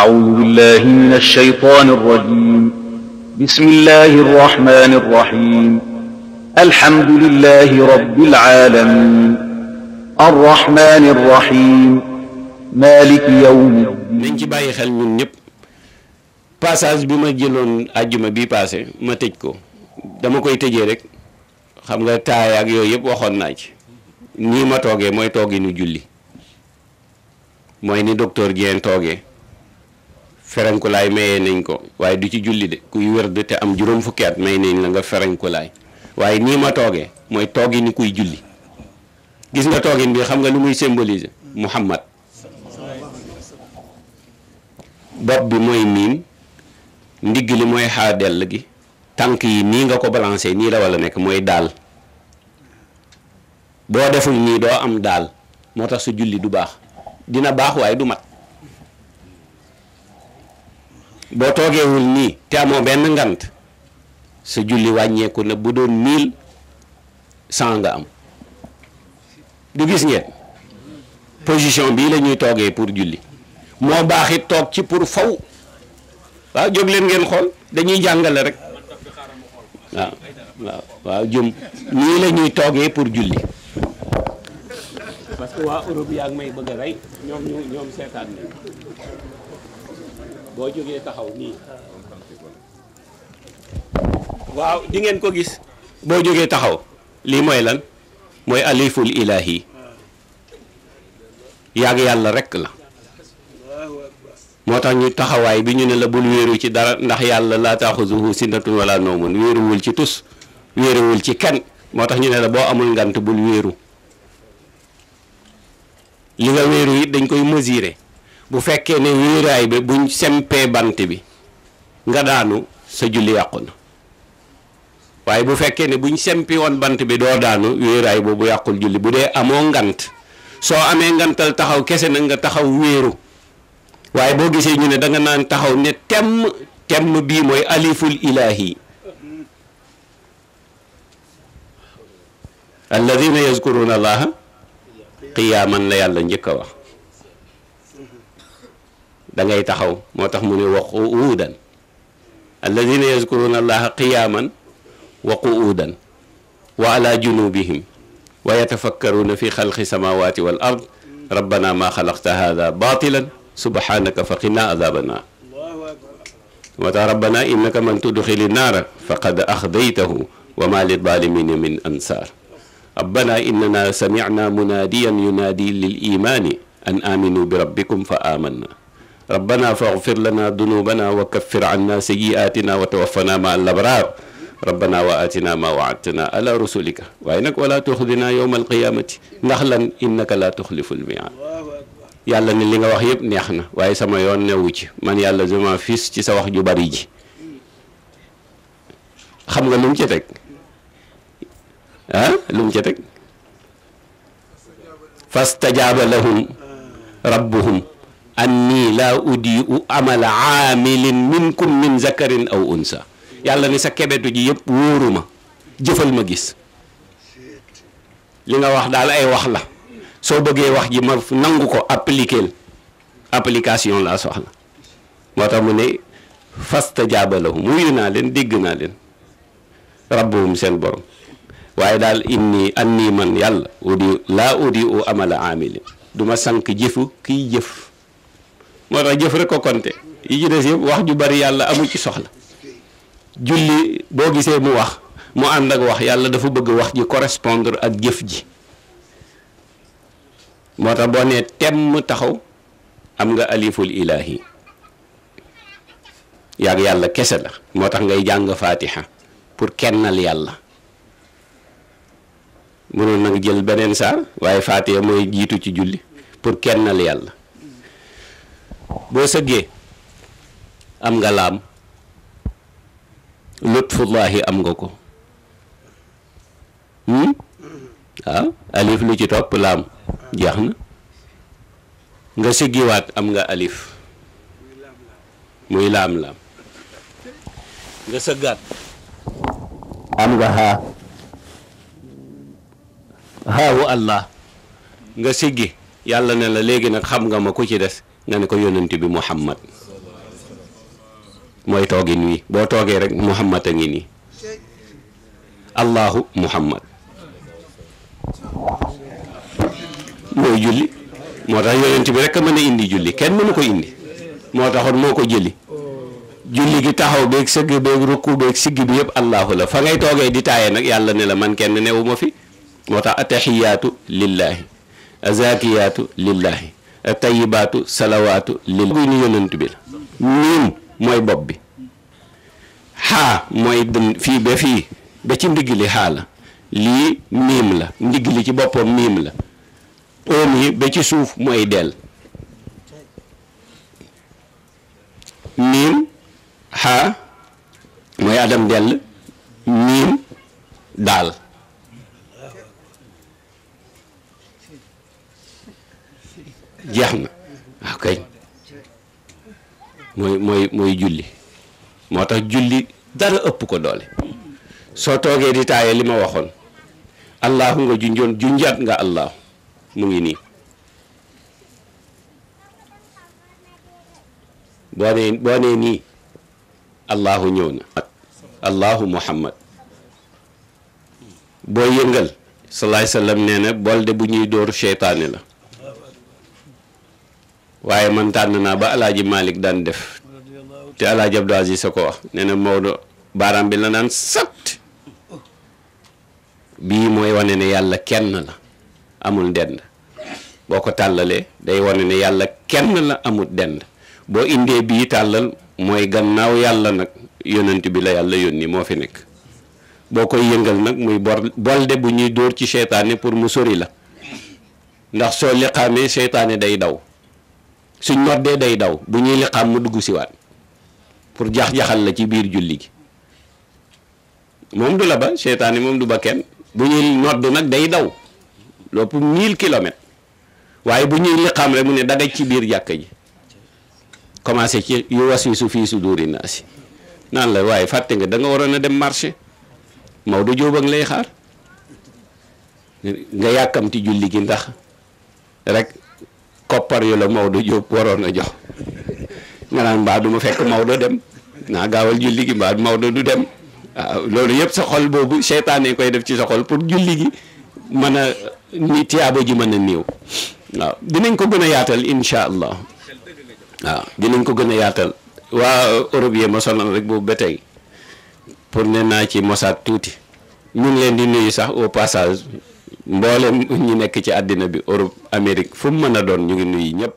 أعوذ بالله من الشيطان الرجيم بسم الله الرحمن الرحيم الحمد لله رب العالمين الرحمن الرحيم مالك يوم الدين nañ ci bàyyi xel ñun ñëpp passage bi ma jëloon àjjuma bi passé ma tëj ko dama koy tëjee rek xam nga taay ak yooyu yëpp waxoon naa ci nii ma toogee mooy toogi nu julli mooy ni docteur Dieng toogee ferenkulaay mayee nañ ko waaye du ci julli de kuy wérd te am juróom fukki at may nañ la nga ferenkulaay waaye nii ma toogee mooy toogi ni kuy julli gis nga toogin bi xam nga lu muy symboliser muhammad bopp bi mooy miim ndigg li mooy gi tànk yi nii nga ko balancé nii la wala nekk mooy daal boo deful nii doo am daal moo tax su julli du baax dina baax waaye du mat boo toogeewul nii te amoo benn ngant sa julli wàññeeku na bu doon mille cent nga am du gis ngeen position bii la ñuy toogee pour julli moo baaxit toog ci pour faw waaw jóg leen ngeen xool dañuy jàngale rek waaw waaw waaw la ñuy toogee pour julli. que waa Europe yaa ngi may bëgg boo jógee taxaw nii waaw di ngeen ko gis boo jógee taxaw lii mooy lan mooy aliful ilahi yàgg yàlla rekk la moo tax ñu taxawaay bi ñu ne la bul wéeru ci dara ndax yàlla laa taaxuzuhu sinatun wala noomun wéeruwul ci tus wéeruwul ci kenn moo tax ñu ne la boo amul ngant bul wéeru li nga wéeru yi dañ koy mesurer bu fekkee ne wéeraay bi buñ sempee bant bi nga daanu sa julli yàqu na waaye bu fekkee ne buñ sempi woon bant bi doo daanu wéeraay boobu yàqul julli bu dee amoo ngant soo amee ngantal taxaw kese na nga taxaw wéeru waaye boo gisee ñu ne danga naan taxaw ne temm temm bii mooy aliful ilaahi alladina yazkuruna allaha qiyaaman la yàlla njëkk a wax da ngay taxaw moo tax mu ne wa qu'uudan alladina yazkuruna allaha qiyaaman wa qu'uudan wa ala junubihim wa yatafakkaruna fi xalqi samawati wal ard rabbana ma xalaqta hada batilan subhanaka fa qina adaba naar moo tax rabbana innaka man tudxili naara faqad axdaytahu wa ma lizalimina min ansaar rabbana innana samicna munaadiyan yunaadi lil imaani an aaminu bi rabbikum fa aamanna rabbana faghfir lana dunubana wa kaffir anna sayyi'atina wa tawaffana ma al-abrar rabbana wa atina ma wa'adtana ala rusulika waaye nag wala tuxdina yawma alqiyamati ndax lan innaka la tuxlifu almi'ad yàlla ne li nga wax yëpp neex na waaye sama yoon newu ci man yàlla je m'en fiche ci sa wax ju bari ji xam nga lu mu ci teg ah lu mu ci teg fastajaaba lahum rabbuhum anni laa udiu amala aamilin minkum min zakarin aw unsa yàlla ne sa kebetu ji yépp wóoruma jëfal ma gis li nga wax daal ay wax la soo bëggee wax ji ma nangu ko appliquer application laa soxla moo tax mu ne fastajaaba lahum wuyu naa leen dégg naa leen rabbuhum seen borom waaye daal inni anni man yàlla udi laa udi u amala duma sank jëfu kiy jëf moo tax jëf rek ko konte yi ci des yëpp wax ju bari yàlla amu ci soxla julli boo gisee mu wax mu ànd ak wax yàlla dafa bëgg wax ji correspondre ak jëf ji moo tax boo nee temm taxaw am nga aliful ilaahi yàgg yàlla kese la moo tax ngay jàng faatiha pour kennal yàlla mënoon nag jël beneen saar waaye faatiha mooy jiitu ci julli pour kennal yàlla boo sëggee am nga laam lutfullahi am nga ko waaw hmm? ah, alif lu ci topp laam jeex na nga siggiwaat am nga alif muy laam-laam nga sëggaat am nga xaa xaawu allah nga siggi yàlla ne la léegi nag xam nga ma ku ci des nga ne ko yonent bi muhammad mooy toogi nii boo toogee rek muhammad a ngi nii allahu muhammad mooy julli moo tax yonent bi rek a mën a indi julli kenn mën mënu ko indi moo tax moo ko jëli julli gi taxaw beeg sëgg beeg rukku beeg sigg bi yëpp allahu la fa ngay toogee di taaye nag yàlla ne la man kenn newuma fi moo tax ataxiyaatu lillahi azakiyaatu lillahi tayibaatu salawaatu lil buy ni yonent bi la miim mooy bopp bi xaa mooy dën fii ba fii ba ci ndigg li xaa la lii miim la ndigg li ci boppam miim la oom yi ba ci suuf mooy dell miim xaa mooy adam dell miim daal jeex na waaw kañ mooy mooy mooy julli moo tax julli dara ëpp ko doole soo toogee di taaye li ma waxoon allahu nga junjoon junjaat nga allahu mu ngi nii boo nee boo nee nii allahu ñëw na allahu muhammad boo yëngal salaay sallam nee na bu ñuy dóor seytaane la waaye man tànn naa ba alaaji Malick daan def te alaaji Abdou Aziz sa ko wax nee na Maodo baaraam bi la naan sat bii mooy wane ne yàlla kenn la amul dend boo ko tàllalee day wane ne yàlla kenn la amul dend boo indee bii tàllal mooy gannaaw yàlla nag yonent bi la yàlla yónni moo fi nekk boo koy yëngal nag muy bor bolde bu ñuy dóor ci seytaane pour mu sori la ndax soo liqaamee seytaane day daw suñ noddee day daw bu ñuy liqaam mu dugg siwaat pour jax-jaxal la ci biir julli gi moom du la ba seytaane moom du ba kenn bu ñuy nodd nag day daw lopp mille kilomètres waaye bu ñuy liqaam rek mu ne dagaj ci biir jàkka ji commencé ci yu su fii suduuri si naan la waaye fàtte nga danga waroon a dem marché Maodo Diop ak lay xaar nga yàkkamti julli gi ndax rek koppar yu la Maodo Diop waroon a jox nga naan mbaa du ma fekk Maodo dem naa gaawal julli gi mbaa Maodo du dem waaw loolu yëpp sa xol boobu seytaane koy def ci sa xol pour julli gi man a ni tiyaaba ji mën a néew waaw dinañ ko gën a yaatal incha allah waaw dinañ ko gën a yaatal waa Europe yee ma sonal rek boobu ba tey pour ne naa ci mosaat tuuti ñu leen di nuyu sax au passage. mboolem ñi nekk ci àddina bi Europe Amérique fu mu mën a doon ñu ngi nuyu ñëpp